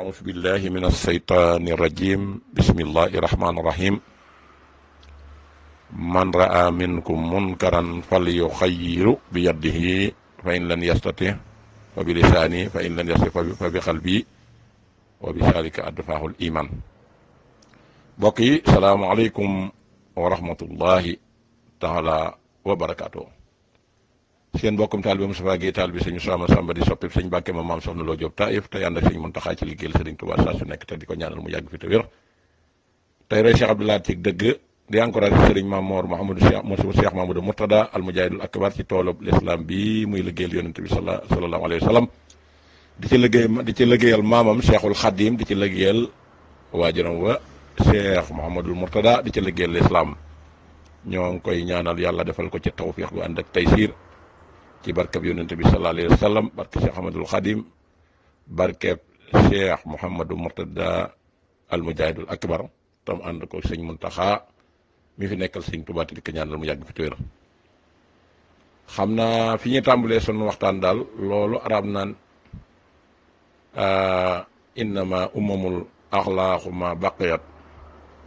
أعوذ بالله من الشيطان الرجيم بسم الله الرحمن الرحيم من رأى منكم منكرا فليخير بيده فإن لم يستطع فبلسانه فإن لم يستطع فبقلبه وبذلك أدفعه الإيمان بقي السلام عليكم ورحمة الله تعالى وبركاته seen bokkum taal bi Moustapha Guèye taal bi sëñ Sama Samba di soppib sëñ Mbàkke ma maam soxna Lo Diop Taïf tey ànd ak sëñ Muntaxa ci liggéeyal sëriñ Tuubaa saa su nekk te di ko ñaanal mu yàgg fi di encouragé sëriñ Mamoor Mahamadou Cheikh Moussa Cheikh Mahamadou Murtada al mujahidul akbar ci toolub l'islam bi muy liggéeyal yonent bi sallallahu alayhi wa sallam di ci liggéey di maamam Cheikhul Khadim di ci liggéeyal waajuram wa Cheikh Mahamadul Murtada di ci liggéeyal l'islam ñoo koy ñaanal yàlla defal ko ci tawfiq bu ànd ak taysiir ci barkeb yonente bi sallallahu alayhi wa sallam barke Cheikh Ahmadul Xadim barkeb Cheikh Mouhamadou Mourtada al Mujahidul Akbar tam ànd ko sëñ Muntaxa mi fi nekkal sëñ Tuubaa te di ko ñaanal mu yàgg fi tuwér xam naa fi ñuy tàmbalee sunu waxtaan daal loolu arab naan innama umamul axlaaqu ma baqiyat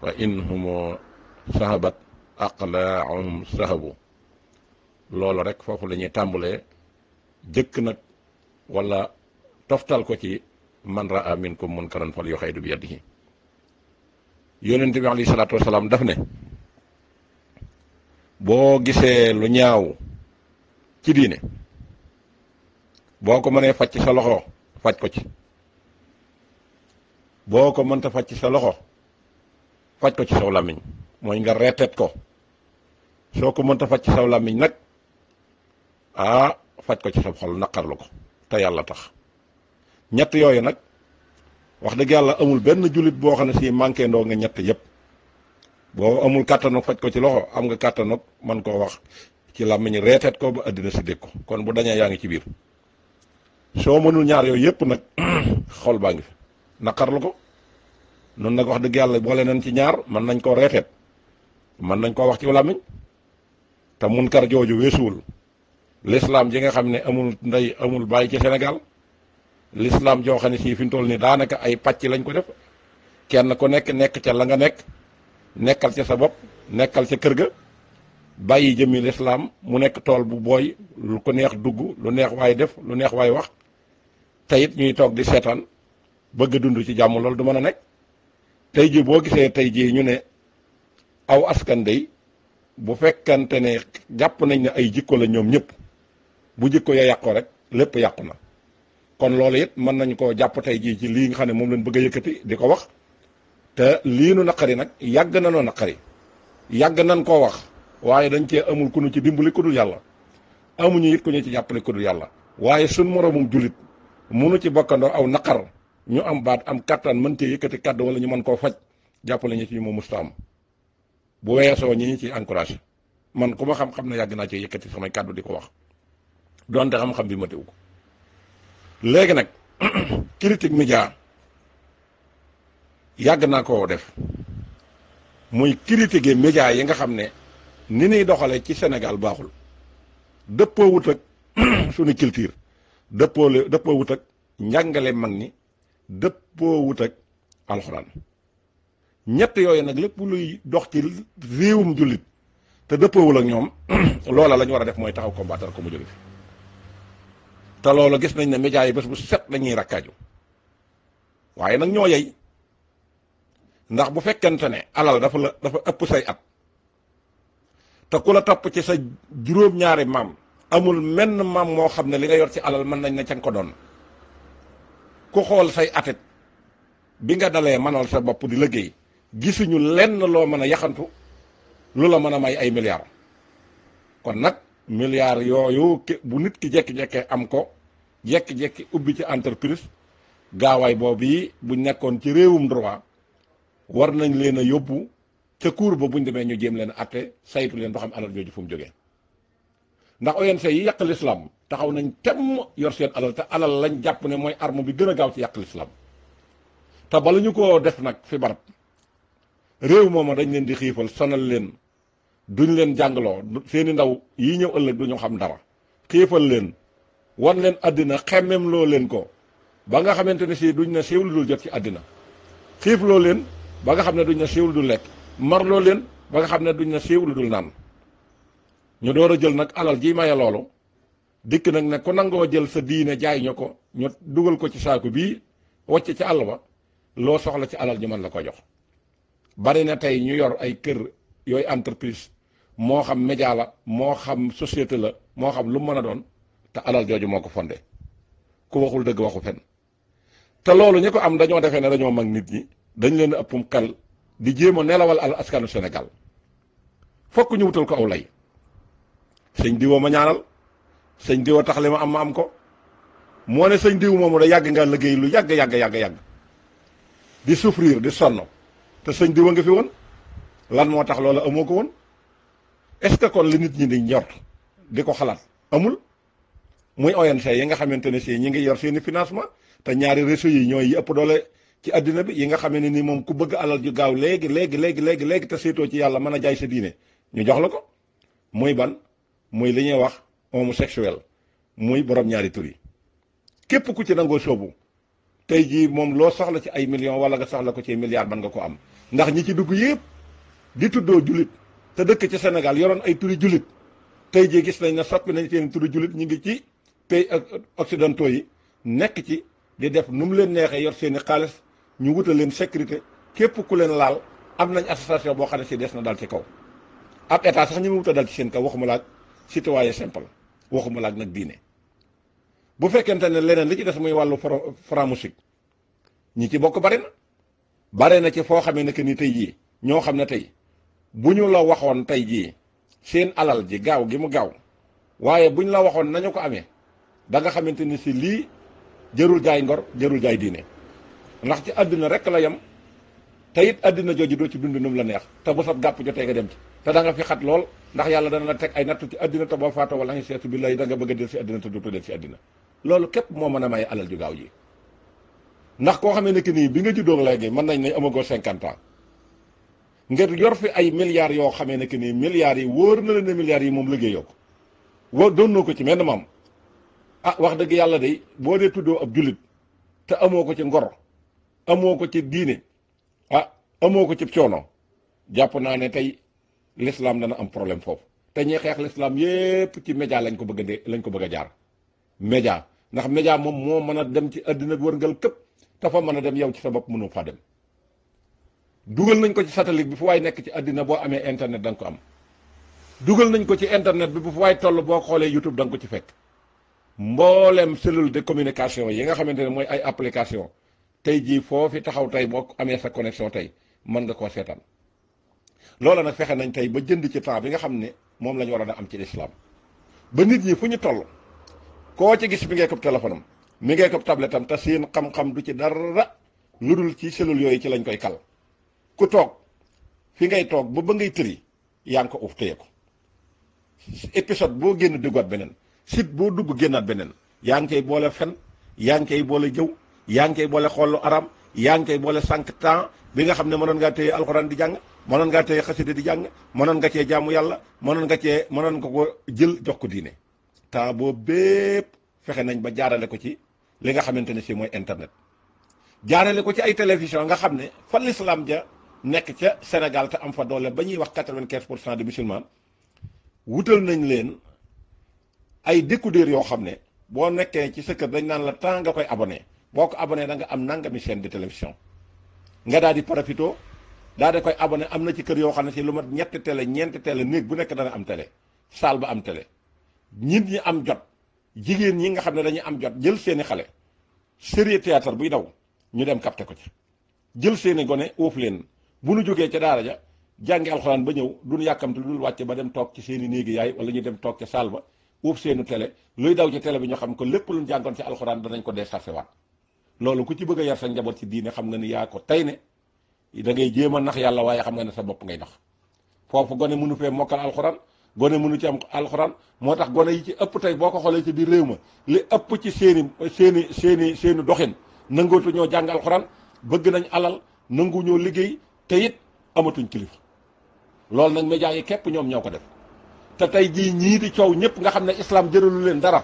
wa inhumu sahabat aqlaahum sahabu loolu rek foofu la ñuy tàmbalee jëkk nag wala toftal ko ci man raa minkum munkaran fal yuxayidu bi yadihi yonent bi alayhi salaatu wasalaam daf ne boo gisee lu ñaaw ci diine boo ko mënee faj sa loxo faj ko ci boo ko mënta faj ci sa loxo faj ko ci saw làmmiñ mooy nga reeteet ko soo ko mënta faj ci saw làmmiñ nag ah faj ko ci sa xol naqarlu ko te yàlla tax ñett yooyu nag wax dëgg yàlla amul benn jullit boo xam ne si manqué ndoo nga ñett yépp boo amul kàttanug faj ko ci loxo am nga kàttanug man koo wax ci làmmiñ reeteet ko ba àddina si ko kon bu dañee yaa ngi ci biir soo mënul ñaar yooyu yépp nag xol baa ngi fi naqarlu ko noonu nag wax dëgg yàlla boole nañ ci ñaar mën nañ koo reeteet mën nañ koo wax ci làmmiñ te munkar jooju weesuwul l'islam ji nga xam ne amul ndey amul bàyyi ci Sénégal l'islam joo xam ne sii fi mu toll nii daanaka ay pàcc lañ ko def kenn ku nekk nekk ca la nga nekk nekkal ca sa bopp nekkal ca kër ga bàyyi jëmmi l'islam mu nekk tool bu booy lu ko neex dugg lu neex waay def lu neex waay wax te it ñuy toog di seetaan bëgg dund ci jàmm lool du ma a nekk tey ji boo gisee tey jii ñu ne aw askan day bu fekkante ne jàpp nañ ne ay jikko la ñoom ñëpp bu jikko ya yàqoo rek lépp yàqu na kon loolu it mën nañ koo jàpp tey jii ci lii nga xam ne moom lañ bëgg a yëkkati di ko wax te lii nu naqari nag yàgg na naqari yàgg nañ koo wax waaye dañ cee amul ku ci dimbali ku dul yàlla amuñu it ku ñu ci jàppale ku dul yàlla waaye suñ moroomum jullit munu ci bokkandoo aw naqar ñu am baat am kattan mën cee yëkkati kàddu wala ñu mën koo faj jàppale ñu ci moom musta am bu weesoo ñi ñu ciy encouragé man ku ma xam-xam ne yàgg naa ci yëkkati samay kàddu di ko wax donte xam-xam bi ma tew ko léegi nag critique média yàgg naa koo def muy critiquer média yi nga xam ne ni ñuy doxale ci Sénégal baaxul dëppoo wut ak suñu culture dëppoo dëppoo wut ak njàngale mag ñi dëppoo wut ak alxuraan ñett yooyu nag lépp luy dox ci réewum jullit te dëppoowul ak ñoom loola la ñu war a def mooy taxaw combattre ko mu jóge fi te loolu gis nañ ne médias yi bés bu set la ñuy rakkaaju waaye nag ñoo yey ndax bu fekkente ne alal dafa la dafa ëpp say at te ku la topp ci sa juróom-ñaari maam amul menn maam moo xam ne li nga yor ci alal mën nañ ne ca ko doon ku xool say atit bi nga dalee mënal sa bopp di liggéey gisuñu lenn loo mën a yaxantu lu la mën a may ay milliards kon nag milliards yooyu bu nit ki jekki-jekkee am ko jekki-jekki ubbi ci entreprise gaawaay boobu yi buñ nekkoon ci réewum droit war nañ leen a yóbbu ca cour ba buñ demee ñu jéem leen atte saytu leen ba xam alal jooju fu mu jógee ndax ONC yi yàq lislaam taxaw nañ temm yor seen alal te alal lañ jàpp ne mooy armo bi gën a gaaw ci yàq lislaam te bala ñu ko def nag fi barab réew mooma dañ leen di xiifal sonal leen duñ leen jàngaloo seeni ndaw yi ñëw ëllëg duñu xam dara xiifal leen wan leen àddina xemmem loo leen ko ba nga xamante ne si duñ na siiw lu dul jot ci àddina xiif leen ba nga xam ne duñ na siiw lu dul lekk mar leen ba nga xam ne duñ na siiw lu dul naan ñu door a jël nag alal ji maye loolu dikk nag ne ku nangoo jël sa diine jaay ñu ko ñu dugal ko ci saaku bii wacc ci àll ba loo soxla ci alal ñu mën la ko jox bari na tey ñu yor ay kër yooyu entreprise moo xam média la moo xam société la moo xam lum mën a doon te alal jooju moo ko fondé ku waxul dëgg waxu fen te loolu ñi ko am dañoo defe ne dañoo mag nit ñi dañ leen ëppum xel di jéem nelawal al askanu senegal fokk ñu wutal ko aw lay sëñ diwoo ma ñaanal sëñ diwoo tax li ma am ma am ko moo ne sëñ diw moomu da yàgg nga liggéey lu yàgg yàgg yàgg yàgg di souffrir di sonn te sëñ diw a nga fi woon lan moo tax loola amoo ko woon est kon li nit ñi di njort di ko xalaat amul muy ONG yi nga xamante ne si ñi ngi yor seeni financement te ñaari réseau yi ñooy yi ëpp doole ci àddina bi yi nga xam ne ni moom ku bëgg alal ju gaaw léegi léegi léegi léegi léegi te seetoo ci yàlla mën a jaay sa diine ñu jox la ko muy ban muy li ñuy wax homosexuel muy borom ñaari tur képp ku ci nangoo soobu tey jii moom loo soxla ci ay millions wala nga soxla ko ci milliards mën nga ko am ndax ñi ci dugg yëpp di tuddoo jullit te dëkk ci Sénégal yoroon ay turi jullit tey jii gis nañ ne soppi nañ seen turi jullit ñu ngi ci pays euh, occidentaux yi nekk ci di def nu mu leen neexee yor seen i xaalis ñu wutal leen sécurité képp ku leen laal am nañ association boo xam ne si des na dal ci kaw ab état sax ñu mu wuta dal ci seen kaw waxuma laag citoyen simple waxuma laag nag diine bu fekkente ne leneen li ci des muy wàllu franc-maçonnique ñi ci bokk bari na bare na ci foo xamee ne ni tey jii ñoo xam ne tey bu ñu la waxoon tey jii seen alal ji gaaw gi mu gaaw waaye bu ñu la waxoon nañu ko amee da nga xamante ni si lii jërul jaay ngor jërul jaay diine ndax ci àddina rek la yem te it àddina jooju doo ci dund num la neex te bu sab gàpp jotee nga dem ci te da nga fi xat lool ndax yàlla dana la teg ay nattu ci àddina te boo faatoo wala ngi seetu billahi lay nga bëgg a del si àddina te dootoo del si àddina loolu képp moo mën a maye alal ju gaaw ji ndax koo xamee ne que nii bi nga juddoo léegi mën nañ ne amagoo cinquante ans nga yor fi ay milliards yoo xamee ne que nii milliards yi wóor na la ne milliards yi moom liggéeyoo ko wa doon ko ci menn maam ah wax dëgg yàlla day boo dee tuddoo ab jullit te amoo ko ci ngor amoo ko ci diine a ah, amoo ko ci coono jàpp naa ne tey l'islam dana am problème foofu te ñuy xeex l'islam yépp ci média lañ ko bëgg a dee lañ ko bëgg a jaar média ndax média moom moo mën a dem ci àddina wërngal këpp te fa mën a dem yow ci sa bopp mënoo faa dem dugal nañ ko ci satelit bi fu waay nekk ci àddina boo amee internet da nga ko am dugal nañ ko ci internet bi bu fu waay toll boo xoolee YouTube da ko ci fekk mboolem cellule de communication yi nga xamante ne mooy ay application tey jii foofu taxaw tey boo amee sa connexion tey mën nga koo seetaan loola nag fexe nañ tey ba jënd ci temps bi nga xam ne moom lañu ñu waroon a am ci lislaam ba nit ñi fu ñu toll koo ci gis mi ngay ko téléphone am mi ngay ko tablette am te seen xam-xam du ci dara lu dul ci cellule yooyu ci lañ koy kal ku toog fi ngay toog ba ba ngay tëri yaa ngi ko uuf téye ko épisode boo génn déggoot beneen site boo dugg génnaat beneen yaa ngi boole fen yaa ngi koy boole jëw yaa ngi koy boole xollu aram yaa ngi boole sànq temps bi nga xam ne mënoon ngaa téye alxuraan di jàng mënoon ngaa téye xasida di jàng mënoon nga cee jaamu yàlla mënoon nga cee mënoon nga ko jël jox ko diine temps boobu bépp fexe nañ ba jaarale ko ci li nga xamante ne si mooy internet jaarale ko ci ay télévision nga xam ne fa l'islam ja nekk ca Sénégal te am fa doole ba ñuy wax quatre-vingt-quinze pour cent de musulman ay découdeur yoo xam ne boo nekkee ci sa kër dañ naan la temps nga koy abonné boo ko abonné da nga am nangami seen de télévision nga daal di profito daa di koy abonné am na ci kër yoo xam ne si lu mat ñetti télé ñeenti télé néeg bu nekk dana am télé saal ba am tele nit ñi am jot jigéen ñi nga xam ne dañuy am jot jël seeni xale série théâtre buy daw ñu dem capté ko ci jël seeni gone óof leen bu nu jógee ca daara ja jàngi alxuraan ba ñëw duñ yàkkamte dul wàcce ba dem toog ci seeni néegi yaay wala ñu dem toog ca saal ba uuf seenu télé luy daw ci télé bi ñu xam ko lépp luñ jàngoon ci alxuraan danañ ko déchargé waat loolu ku ci bëgg a yar sa njaboot ci diine xam nga ni yaa tey ne da ngay jéem a nax yàlla waaye xam nga ne sa bopp ngay nax foofu gone mënu fee mokkal alxuraan gone mënu ci am alxuraan moo tax gone yi ci ëpp tey boo ko xoolee ci biir réew ma li ëpp ci seeni seeni seeni seeni doxin nangootu ñoo jàng alxuraan bëgg nañu alal nangu ñoo liggéey te it amatuñ kilifa loolu nag médias yi képp ñoom ñoo ko def te tey jii ñii di coow ñëpp nga xam ne islam jëralu leen dara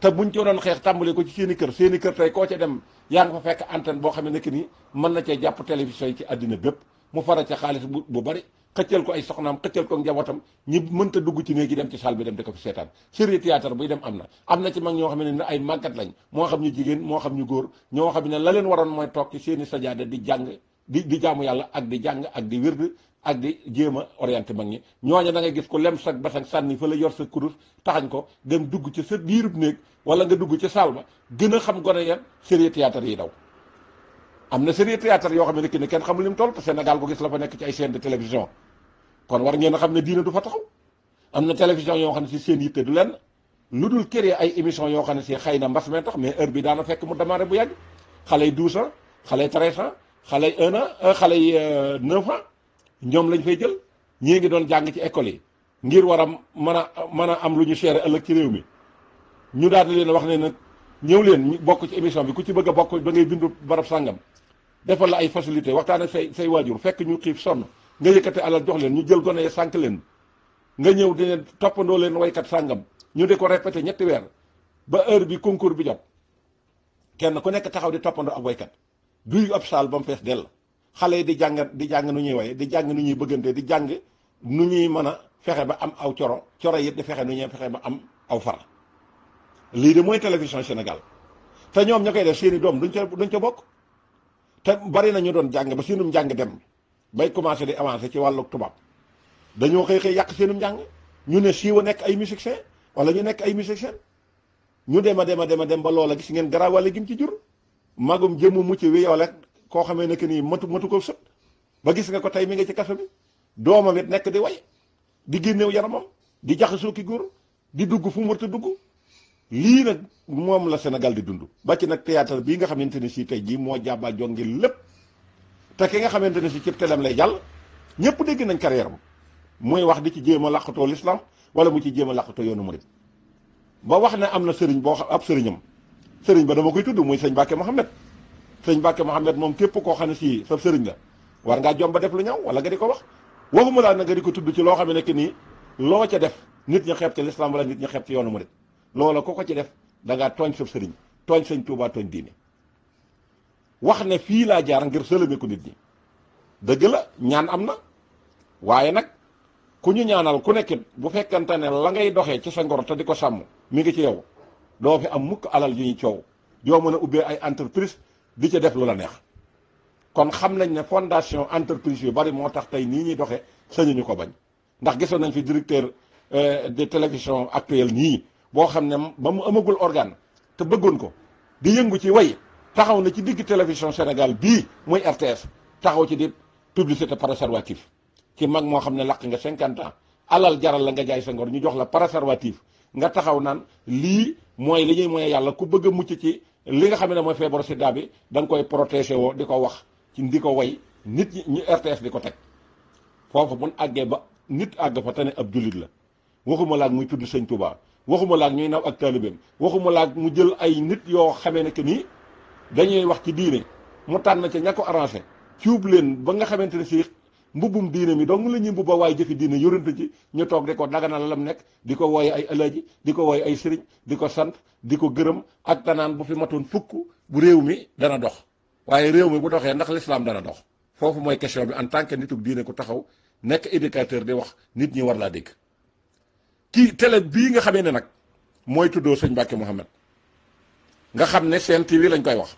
te buñ ko doon xeex tàmbale ko ci seen kër seeni i kër tey koo ca dem yaa nga fa fekk antenne boo xam ne nekk ni mën na cee jàpp télévision yi ci àddina bépp mu fara ca xaalis bu bu bari xëccal ko ay soxnaam xëccal ko njabootam ñi mënta dugg ci néegi dem ci salle bi dem di ko fi seetaan série théâtre buy dem am na am na ci mag ñoo xam ne ay màggat lañ moo xam ñu jigéen moo xam ñu góor ñoo xam ne la leen waroon mooy toog ci seen i di jàng di di jaamu yàlla ak di jàng ak di wérd ak di jéem a orienté mag ñi ñooña da ngay gis ko lem sag basag sànni fa la yor sa kurus taxañ ko dem dugg ci sa biirub néeg wala nga dugg ci saal ba gën a xam gone yan série théâtre yi daw am na série théâtre yoo xam ne ki ne kenn xamul lim toll te Sénégal ko gis la fa nekk ci ay chaîne de télévision kon war ngeen a xam ne diina du fa taxaw am na télévision yoo xam ne si seen yitte du lenn lu dul créer ay émission yoo xam ne si xëy na mbas mee tax mais heure bi daana fekk mu démarré bu yàgg xale yi douze ans xale yi treize ans xale yi un euh, xale yi euh, neuf ans ñoom lañu fay jël ñii ngi doon jàng ci école yi ngir war a mën a mën a am lu ñu seere ëllëg ci réew mi ñu daal di leen wax ne nag ñëw leen ñu bokk ci émission bi ku ci bëgg a bokk da ngay bindu barab sàngam defal la ay facilité waxtaan ak say say waajur fekk ñu xiif sonn nga yëkkate alal jox leen ñu jël gone ya sànq leen nga ñëw di leen toppandoo leen waykat sàngam ñu di ko répété ñetti weer ba heure bi concours bi jot kenn ku nekk taxaw di toppandoo ab waykat duy ab saal ba fees dell xale yi di jàng di jàng nu ñuy woye di jàng nu ñuy bëggante di jàng nu ñuy mën a fexe ba am aw coro coro it di fexe nu ñuy fexe ba am aw fara lii de mooy télévision Sénégal te ñoom ña koy def seeni doom duñ ca duñ ca bokk te bari na ñu doon jàng ba seenum jàng dem bay commencé di avancé ci wàllu tubaab dañoo xëy xëy yàq seenum njàng ñu ne siiwa nekk ay musiciens wala ñu nekk ay musiciens ñu dem a dem a dem a dem ba loola gis ngeen garawale gi gim ci jur magum jëmu mucc wi yow rek koo xamee ne que nii matu matu ko sët ba gis nga ko tey mi nga ci kaso bi doomam it nekk di way di génnew yaramam di jaxasoo ki góor di dugg fu mu warta dugg lii nag moom la senegal di dund ba ci nag théâtre bii nga xamante ne si tey jii moo jàbbaa jongi lépp te ki nga xamante ne si ci telem lay jàll ñëpp dégg nañ kar yaram mooy wax di ci jéem a làqatoo l'islam wala mu ci jéem a làqatoo yoonu murid ba wax ne am na sëriñ boo xam ab sëriñam sëriñ ba dama koy tudd muy sëñ Mbàkke Mohamed sëñ Mbàkke Mouhamed moom képp koo xam ne sii sa sëriñ la war ngaa jomba ba def lu ñaw wala nga di ko wax waxuma laa na nga di ko tudd ci loo xam ne que nii loo ca def nit ña xeeb ci lislaam wala nit ña xeeb ci yoonu ma murit loola ko ko ci def da ngaa tooñ sa sëriñ tooñ sëñ Tuubaa tooñ diine wax ne fii laa jaar ngir sëlëme ko nit ñi dëgg la ñaan am na waaye nag ku ñu ñaanal ku nekk bu fekkante ne la ngay doxee ci sa ngor te di ko sàmm mi ngi ci yow doo am mukk alal yu ñuy coow doo mën a ubbee ay entreprise di ci def lu la neex kon xam nañ ne fondation entreprise yu bari moo tax tey nii ñuy doxee sañuñu ko bañ ndax gisoon nañ fi directeur euh, de télévision actuelle nii boo xam ne ba mu amagul organe te bëggoon ko di yëngu ci way taxaw na ci digg télévision Sénégal bii muy RTS taxaw ci di publicité préservatif ci mag moo xam ne laq nga cinquante ans alal jaral la nga jaay sa ngor ñu jox la préservatif nga taxaw naan lii mooy li ñuy yàlla ku bëgg a mucc ci li nga xam ne mooy feebaru sida bi da nga koy protéger woo di ko wax ci ndi ko way nit ñi ñu RTS di ko teg foofu mun àggee ba nit àgg fa te ne ab jullit la waxuma laag muy tudd sëñ Touba waxuma laag ñuy naw ak taalibeem waxuma laag mu jël ay nit yoo xamee ne que nii dañuy wax ci diine mu tànn ca ña ko arrangé cuub leen ba nga xamante ne si mbubbum diine mi dong la ñuy mbubba waaye jëfi diine yorantu ci ñu toog di ko daganal lam nekk di ko wooye ay ëllëji di ko wooye ay sëriñ di ko sant di ko gërëm ak tanaan bu fi matoon fukk bu réew mi dana dox waaye réew mi bu doxee ndax lislaam dana dox foofu mooy question bi en tant que nitug diine ku taxaw nekk éducateur di wax nit ñi war laa dégg kii télé bii nga xamee ne nag mooy tuddoo sëñ Mbàkke Mouhamed nga xam ne seen TV lañ koy wax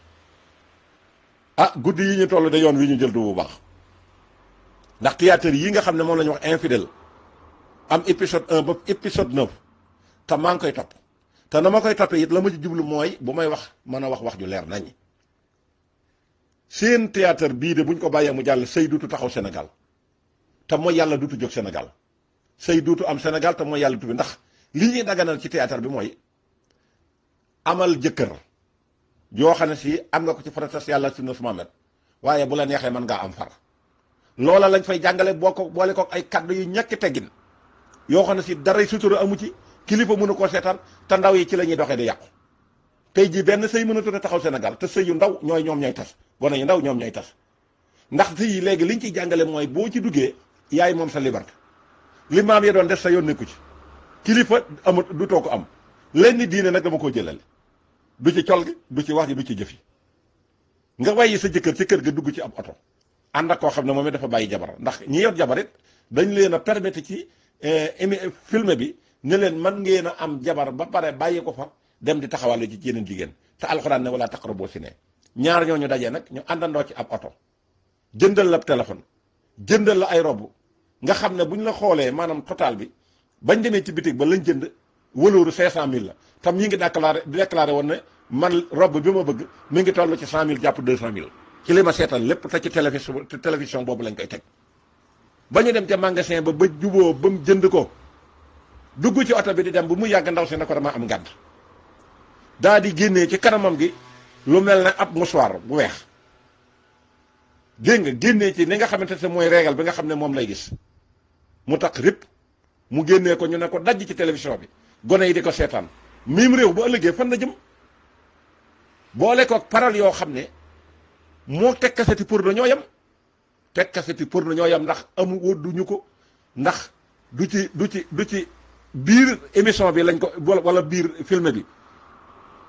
ah guddi yi ñu toll de yoon wi ñu jël du bu baax ndax théâtre yi nga xam ne moom lañu ñu wax infidèle am épisode 1 ba épisode 9 te maa ngi koy topp te na ma koy toppee it la ma ci jublu mooy bu may wax mën a wax wax ju leer nañ seen théâtre bii de buñ ko bàyyee mu jàll sëy duutu taxaw senegal te mooy yàlla duutu jóg senegal sëy duutu am senegal te mooy yàlla duutu bi ndax li ñuy daganal ci théâtre bi mooy amal jëkkër joo xam ne si am nga ko ci protest yàlla sunna su Muhammad waaye bu la neexee mën ngaa am far loola lañ fay jàngale boo ko boole ko ay kaddu yu ñàkk teggin yoo xam ne si dara sutura amu ci kilifa mënu koo seetaan te yi ci la ñuy doxee di yàqu tey jii benn sëy mënatu ne taxaw Sénégal te sëy yu ndaw ñooy ñoom ñooy tas gone yu ndaw ñoom ñooy ndax sëy léegi liñ ciy jàngale mooy boo ci duggee yaay moom sa liberté li maam def sa yoon nekku ci kilifa amut du too am lenn diine nag dama koo jëlale du ci col gi du ci wax ji du ci jëf yi nga wayyi sa jëkkër ci kër gi dugg ci am oto ànd ak koo xam ne moom it dafa bàyyi jabar ndax ñi yor jabar dañ leen a permettre ci eh, émi film bi ne leen mën ngeen a am jabar ba pare bàyyi ko fa dem di taxawal ci yeneen jigéen te alxuraan ne wala taqrabu si ne ñaar ñoo ñu dajee nag ñu àndandoo ci ab oto jëndal la téléphone jëndal la ay robb nga xam ne bu ñu la xoolee maanaam total bi bañ demee ci bitig ba lañ jënd wëlooru cinq cent mille la tam ñi ngi déclaré déclaré woon ne man robb bi ma bëgg mi ngi toll ci cent ci li ma seetal lépp te ci télévision télévision boobu lañ koy teg ba ñu dem ca magasin ba ba juboo ba mu jënd ko dugg ci oto bi di dem bu mu yàgg ndaw si ne ko dama am ngàdd daa di génnee ci kanamam gi lu mel ne ab mouchoir bu weex dégg nga génnee ci ni nga xamante ne mooy régal bi nga xam ne moom lay gis mu tax rip mu génnee ko ñu ne ko dajj ci télévision bi gone yi di ko seetaan miim réew bu ëllëgee fan na jëm boole ko paral yoo xam ne moo teg kaseti pour na ñoo yem teg kaseti pour na ñoo yem ndax amu wódduñu ko ndax du ci du ci du ci biir émission bi lañ ko wala biir film bi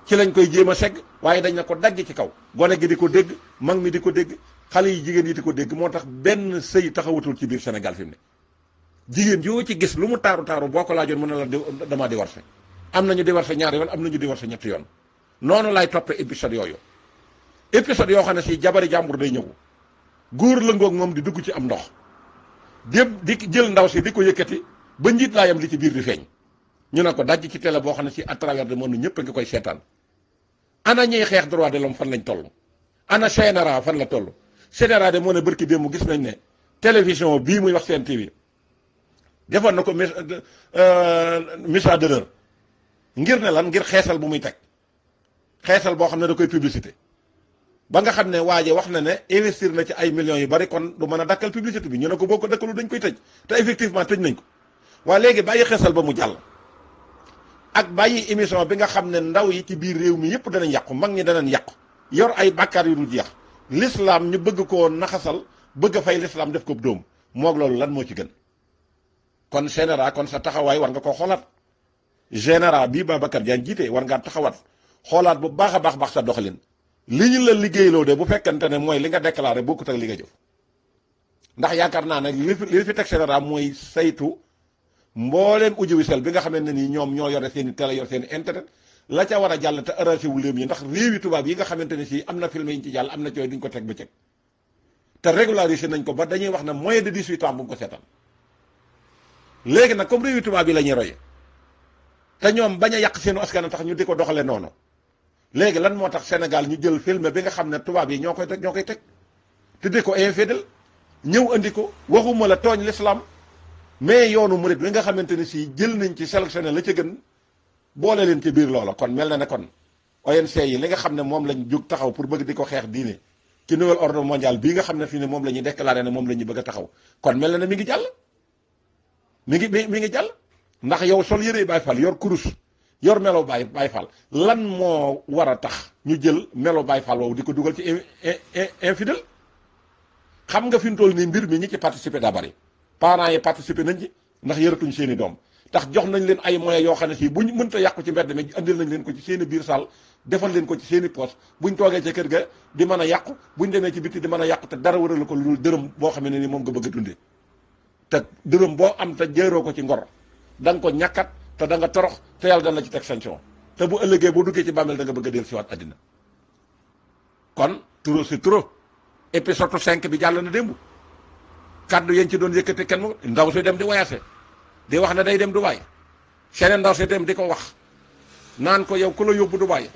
ci lañ koy jéem a segg waaye dañ na ko dagg ci kaw gone gi di ko dégg mag mi di ko dégg xale yi jigéen yi di ko dégg moo tax benn sëy taxawatul ci biir Sénégal fi mu ne jigéen yoo ci gis lu mu taaru taaru boo ko laajoon mën na la damaa divorcé am nañu divorcé ñaari yoon am nañu divorcé ñetti yoon noonu laay toppee épisode yooyu épisode yoo xam ne si jabari jàmbur day ñëw góor la ngoog moom di dugg ci am ndox dépp di jël ndaw si di ko yëkkati ba njiit laayam li ci biir di feeñ ñu ne ko dajj ci tele boo xam ne si à travers de monde ñëpp a koy seetaan ana ñiy xeex droit de l'homme fan lañ toll ana CNRA fan la toll CNRA moo ne bërki démb gis nañ ne télévision bii muy wax seen TV defoon na ko euh, message d'erreur ngir ne lan ngir xeesal bu muy teg xeesal boo xam ne da koy publicité ba nga xam ne waaje wax na ne investir na ci ay millions yu bari kon du mën a dakkal publicité bi ñu ne ko boo ko dakkalu dañ koy tëj te effectivement tëj nañ ko waaye léegi bàyyi xesal ba mu jàll ak bàyyi émission bi nga xam ne ndaw yi ci biir réew mi yëpp danañ yàqu mag ñi danañ yàqu yor ay bakkaar yu dul jeex l'islam ñu bëgg koo naxasal bëgg a fay l'islam def ko dóom moog loolu lan moo ci gën kon général kon sa taxawaay war nga ko xoolaat général bii Babacar Diagne jiite war ngaa taxawaat xoolaat bu baax a baax baax sa doxalin li ñu la liggéeyloo de bu fekkente ne mooy li nga boo bokkut ak li nga jëf ndax yaakaar naa nag li fi li fi teg général mooy saytu mbooleem audiovisuel bi nga xamante ne nii ñoom ñoo yore seen i télé yor seen i internet la ca war a jàll te arrangé wu léem yi ndax réewi tubaab yi nga xamante ne si am na film yi ñu ci jàll am na cooy duñ ko teg bëccëg te régularisé nañ ko ba dañuy wax ne moins de 18 ans bu mu ko seetaan léegi nag comme réewi tubaab yi la ñuy roye te ñoom bañ a yàq seenu askan tax ñu di ko doxale noonu léegi lan moo tax Sénégal ñu jël film bi nga xam ne tubaab yi ñoo koy teg ñoo koy teg tudde ko infidèle ñëw indi ko waxuma la tooñ l'islam mais yoonu murit bi nga xamante ne si jël nañ ci sélectionné la ca gën boole leen ci biir loola kon mel na ne kon ONC yi li nga xam ne moom lañ jóg taxaw pour bëgg di ko xeex diine ci nouvel ordre mondial bii nga xam ne fii ne moom la ñuy déclaré ne moom la ñuy bëgg taxaw kon mel na ne mi ngi jàll mi ngi mi ngi jàll ndax yow sol yëre Baay Faal yor kurus yor melo Baye Baye Fall lan moo war a tax ñu jël melo baay Fall woowu di ko dugal ci infidèle xam nga fi mu toll nii mbir mi ñi ci participer daa bari parents yi participer nañ ci ndax yëratuñ seeni doom tax jox nañ leen ay moyens yoo xam ne si buñ mënta yàqu ci mbedd mi andil nañ leen ko ci seen i biir salle defal leen ko ci seeni i poche ñu toogee ca kër ga di mën a yàqu buñ demee ci bitti di mën a yàqu te dara waral ko lu dërëm boo xam ne ni moom nga bëgg a te dërëm boo am te jéeroo ko ci ngor da nga te nga torox te yàlla dana ci teg sanction te bu ëllëgee boo duggee ci bàmmeel da nga bëgg a dellu siwaat àddina kon trop c'est trop cinq bi jàll na démb kàddu yéen ci doon yëkkati kenn mu ndaw si dem di wayaase di wax na day dem Dubaay seneen ndaw si dem di ko wax naan ko yow ku la yóbbu Dubaay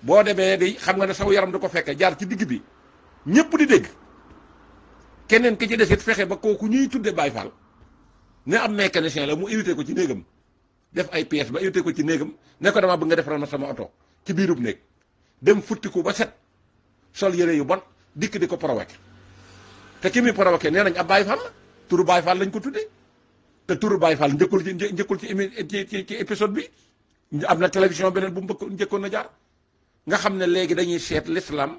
boo demee di xam nga ne saw yaram di ko fekke jaar ci digg bi ñëpp di dégg keneen ki ci desit fexe ba kooku ñuy tudde Baay Faal ne am mécanicien la mu invité ko ci néegam def ay pièces ba invité ko ci néegam ne ko dama bëgg nga defaral ma sama oto ci biirub néeg dem futtiku ba set sol yére yu bon dikk di ko provoqué te ki muy provoqué nee nañ ab Baye Fall la turu Baye Fall lañ ko tuddee te turu Baye Fall njëkkul ci njëkkul ci ci ci épisode bi am na télévision beneen bu mu bëgg njëkkoon na jaar nga xam ne léegi dañuy seet l'islam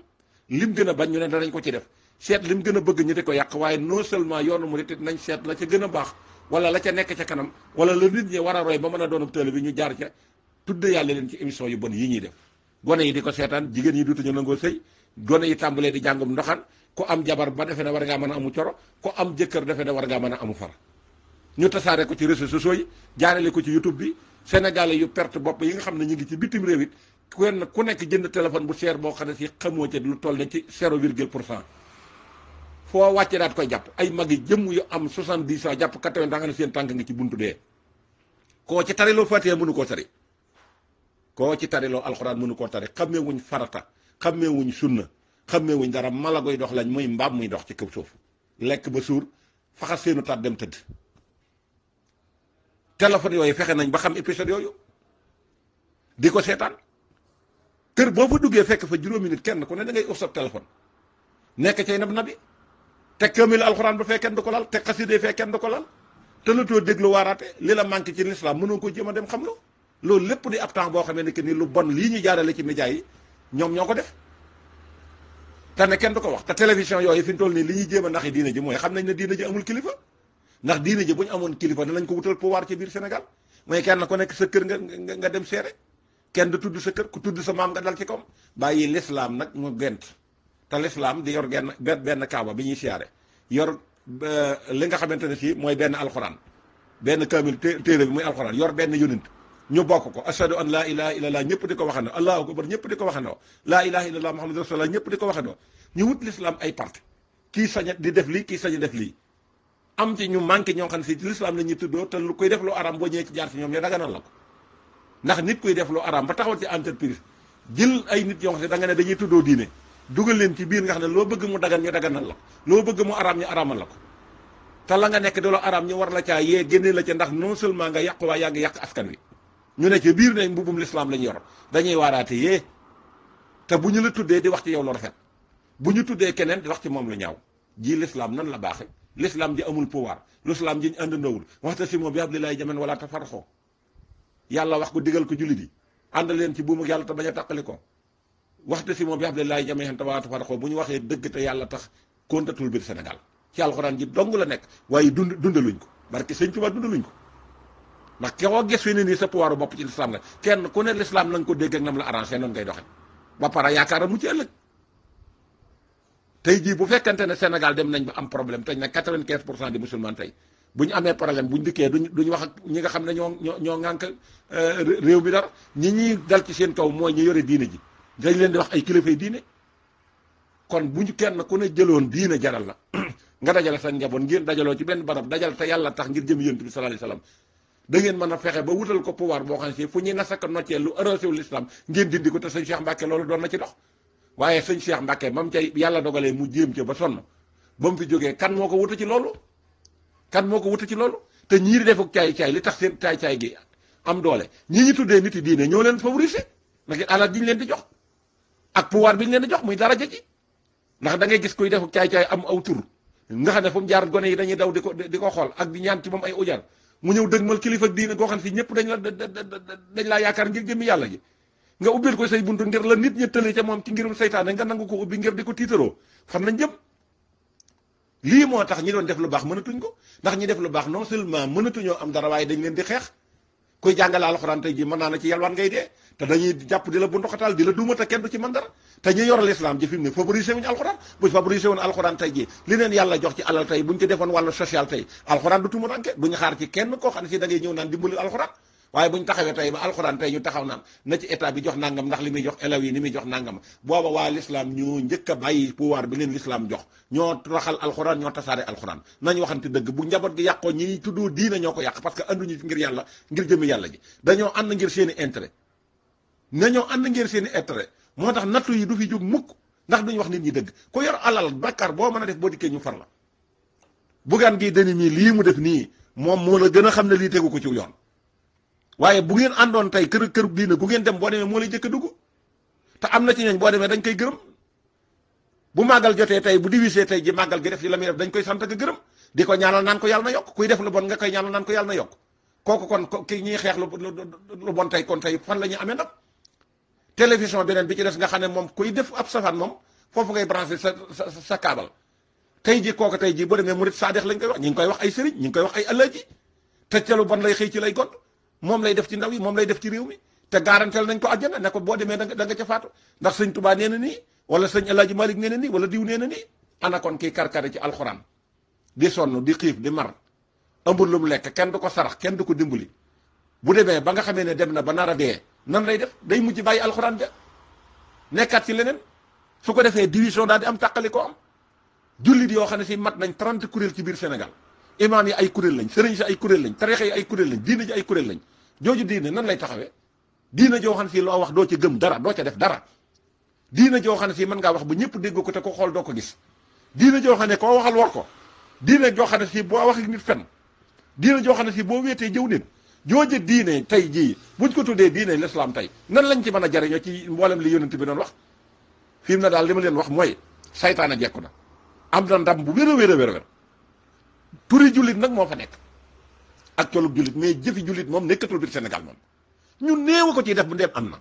lim gën a bañ ñu ne danañ ko ci def seet lim gën a bëgg ñu di ko yàq waaye non seulement yoonu mu nañ seet la ca gën a baax wala la ca nekk ca kanam wala la nit ñi war a roy ba mën a doon ak tële ñu jaar ca tudde yàlla leen ci émission yu bon yi ñuy def gone yi di ko seetaan jigéen yi dutuñu nangoo sëy gone yi tàmbalee di jàngum ndoxan ku am jabar ba defe ne war ngaa mën a amu coro ku am jëkkër defe ne war ngaa mën a amu fara ñu tasaare ko ci réseaux sociaux yi jaarale ko ci youtube bi sénégalais yu perte bopp yi nga xam ne ñu ngi ci bitim réew it kenn ku nekk jënd téléphone bu cher boo xam ne si xamoo ca lu toll ne ci zéro pour cent foo wàccee daat koy jàpp ay mag yi jëm yu am 70 ans jàpp 80 da nga ne seen tànk nga ci buntu dee koo ci tariloo Fatiha mënu koo tari koo ci tariloo alxuraan mënu koo tari xammee wuñ farata xammee wuñ sunna xammee wuñ dara malagoy dox lañ muy mbaam muy dox ci kaw suuf lekk ba suur faxas seenu taat dem tëdd téléphone yooyu fexe nañ ba xam épisode yooyu di ko seetaan kër boo fa duggee fekk fa juróomi nit kenn ku ne dangay ngay sab sa nekk cay nab nabi te kamil alxuraan ba fee kenn du ko lal te xaside fee kenn du ko lal te lu too déglu waaraate li la manqué ci l'islam mënoo ko jéem a dem xam la loolu lépp di ab temps boo xamee ne que ni lu bon lii ñu jaarale ci média yi ñoom ñoo ko def te ne kenn du ko wax te télévision yooyu fi ñu toll nii li ñuy jéem a nax yi diina ji mooy xam nañ ne diina ji amul kilifa ndax diina ji bu ñu amoon kilifa danañ ko wutal pouvoir ci biir Sénégal mooy kenn ku nekk sa kër nga nga dem seere kenn tudd sa kër ku tudd sa maam nga dal ci kom bàyyi l'islam nag mu gent te lislaam di yor genn benn kaaba bi ñuy siyaare yor li nga xamante ne si mooy benn alxuraan benn kaamil téere bi muy alxuraan yor benn yonent ñu bokk ko ashadu an laa ilaha illallah ñëpp di ko waxandoo allahu akbar ñëpp di ko waxandoo laa ilaha illallah muhammadu rasulullah ñëpp di ko waxandoo ñu wut lislaam ay parti kii sañ di def lii kii sañ def lii am ci ñu manqué ñoo xam ne si lislaam la ñuy tuddoo te lu koy def lu araam boo ñëwee ci ñoom ñoo daganal ndax nit kuy def lu araam ba taxawal ci entreprise jël ay nit yoo xam ne da nga ne dañuy tuddoo diine dugal leen ci biir nga xam ne loo bëgg mu dagan ñu daganal la loo bëgg mu araam ñu araamal la ko te la nga nekk di la araam ñu war la caa yee génne la ca ndax non seulement nga yàq waa yaa ngi yàq askan wi ñu ne ca biir ne mbubum lislaam lañu yor dañuy waaraate yee te bu ñu la tuddee di wax ci yow lu rafet bu ñu tuddee keneen di wax ci moom lu ñaaw ji lislaam nan la baaxe lislaam ji amul pouvoir lislaam ji ñu àndandoowul waxta si moom bi hablillahi jamii'an wala tafarraqu yàlla wax ko digal ko jullit yi ànd leen ci buumu yàlla te bañ a ko moom bi hablillahi jamii'an te walaa tafarraqu bu ñu waxee dëgg te yàlla tax kontatul biir Sénégal ci alxuraan ji dong la nekk waaye dund dundaluñ ko barke sëñ Tuubaa dundaluñ ko ndax koo gis fi ne nii sa pouvoir bopp ci lislaam la kenn ku ne lislaam na nga ko dégg ak nam la arrangé noonu ngay doxe ba pare yaakaar mu ci ëllëg tey jii bu fekkente ne senegal dem nañ ba am problème tey na quatre-vingt-quinze pour cent di musulman tey bu ñu amee problème bu ñu dikkee duñ ñu wax ak ñi nga xam ne ñoo ñoo ñoo ŋànk euh, réew mi dara ñi ñuy dal ci seen kaw mooy ñu yore diine ji dañ leen di wax ay kilifay diine kon bu ñu kenn ku ne jëloon diine jaral la nga dajale sa njaboot ngeen dajaloo ci benn barab dajal te yàlla tax ngir jëm yonent bi sallallahu alayhi da ngeen mën a ba wutal ko pouvoir boo xam si fu ñuy nasaka noccee lu arrosewul islam ngeen dindi ko te sëñ Cheikh Mbacke doon na dox waaye sëñ Cheikh Mbacke mam cay yàlla dogalee mu jéem ca ba sonn ba mu fi jógee kan moo ko wuta ci loolu kan moo ko wuta ci loolu te ñii di defuk caay li tax seen caay gi am doole ñii ñu tuddee nit yi diine ñoo leen favoriser ndax alal diñ leen di jox ak pouvoir bi ñu leen di jox muy daraja ji ndax da ngay gis kuy def caay-caay am aw tur nga xam ne fu mu jaar gone yi dañuy daw di ko di ko xool ak di ñaan ci moom ay ujar mu ñëw dëgmal kilifa diine goo xam ne si ñëpp dañ la dañ laa yaakaar ngir jëmmi yàlla ji nga ubbil ko say buntu ngir la nit ñi tëlee ca moom ci ngirum seytaane nga nangu ko ubbi ngir di ko tiitaroo fan lañ jëm lii moo tax ñi doon def lu baax mënatuñ ko ndax ñi def lu baax non seulement mënatuñoo am dara waaye dañ leen di xeex kuy jàngale alxuraan tey ji mën naa na ci yalwaan ngay dee te dañuy jàpp di la bu ndoxataal di la duuma te kenn du ci mën dara te ñu yor l'islam jox ci alal tey buñ ci defoon wàllu social tey alxuraan du tumuranke buñu xaar ci kenn koo xam ne si da ngay ñëw naan dimbali alxuraan waaye buñ taxawee tey ba alxuraan tey ñu taxaw naan na ci état bi jox nangam ndax li muy jox élèves yi ni muy jox nangam booba waa l'islam ñoo njëkk a bàyyi pouvoir bi leen l'islam jox ñoo raxal alxuraan ñoo tasaare alxuraan nañu dëgg bu njaboot gi yàqoo ñiy tuddoo diina ñoo ko yàq parce que anduñu ngir na ñëw ànd ngeen seen i moo tax nattu yi du fi jóg mukk ndax duñu wax nit ñi dëgg ku yor alal bàkkaar boo mën a def boo dikkee ñu far la buggaan gi dani mii lii mu def nii moom moo la gën a xam ne lii tegu ko ci yoon waaye bu ngeen àndoon tey kër kër diine gu ngeen dem boo demee moo lay jëkk dugg te am na ci ñooñ boo demee dañ koy gërëm bu màggal jotee tey bu divisé tey ji màggal gi def ci la muy def dañ koy sant ak gërëm di ko ñaanal naan ko yàlla na yokk kuy def lu bon nga koy ñaanal naan ko yàlla na yokk kooku kon ki ñuy xeex lu lu bon tey kon tey fan la ñuy amee ndam télévision beneen bi ci des nga xam ne moom kuy def ab safaan moom foofu ngay branché sa sa sa kaabal tey ji kooku tey ji boo demee murit saadex lañ koy wax ñi ngi koy wax ay sëriñ ñi ngi koy wax ay alaaji te xëy ci lay moom lay def ci ndaw yi moom lay def ci réew mi te garantel nañ ko àjjana ne ko boo demee da nga ca faatu ndax sëñ Tuubaa nee na nii wala sëñ alaaji Malick nee na wala diw nee na nii ana kon kii karkari ci alxuraan di sonn di xiif di mar amul lu mu lekk kenn du ko sarax kenn du ko dimbali bu demee ba nga xamee ne dem na ba nar a nan lay def day mujj bàyyi alxuraan ja nekkaat ci leneen su ko defee division daal di am tàqali ko am jullit yoo xam ne si mat nañ trente kuréel ci biir Sénégal imaam yi ay kuréel lañ sëriñ si ay kuréel lañ tareexe yi ay kuréel lañ diina ji ay kuréel lañ jooju diine nan lay taxawee diina joo xam ne si loo wax doo ci gëm dara doo ca def dara diina joo xam ne si mën ngaa wax ba ñëpp dégg ko te ko xool doo ko gis diina joo xam ne koo waxal war ko diina joo xam ne si boo wax ak nit fen joo xam ne si boo wéetee jëw nit jooje diine tey jii buñ ko tuddee diine l'islam tey nan lañu ci mën a jariñoo ci mboolem li yonent bi doon wax fi mu ne daal li ma leen wax mooy saytaane jekku na am na ndam bu wéra a wér a wér a wér turi jullit nag moo fa nekk ak colug jullit mais jëfi jullit moom nekkatul biir Sénégal moom ñu néew ko ciy def bu ndeem am na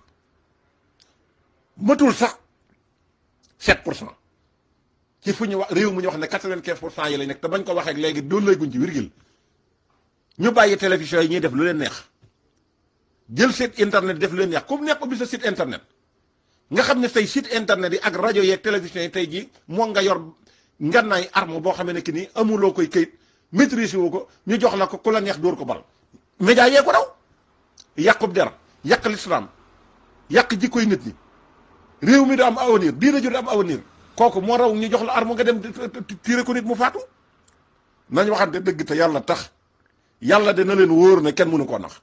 matul sax 7 pour cent ci fu ñu wax réew mu ñu wax ne 95 pour cent yi lay nekk te bañ ko waxee léegi doon lay guñ ci virgule ñu bàyyi télévision yi ñuy def lu leen neex jël site internet def lu leen neex comme nekk bi sa site internet nga xam ne say site internet yi ak rajo yeeg télévision yi tey jii moo nga yor ngannaay armo boo xamee ne nii amuloo koy këyit maîtrise woo ko ñu jox la ko ku la neex dóor ko bal. média yee ko daw yàqub der yàq lislaam yàq jikkoy nit ñi réew mi du am avenir diina ju du am avenir kooku moo raw ñu jox la arme nga dem tiire ko nit mu faatu nañ waxante dëgg te yàlla tax. yàlla de na leen wóor na kenn mënu koo nax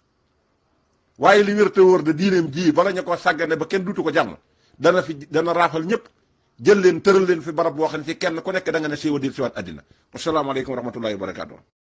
waaye li wér te wóor de diineem ji bala ñu ko sàggane ba kenn duutu ko jàmm dana fi dana raafal ñëpp jël leen tëral leen fi barab boo xam ne kenn ku nekk da nga ne siiwa dir siwaat àddina asalaamaaleykum wa rahmatullahi wa barakaatu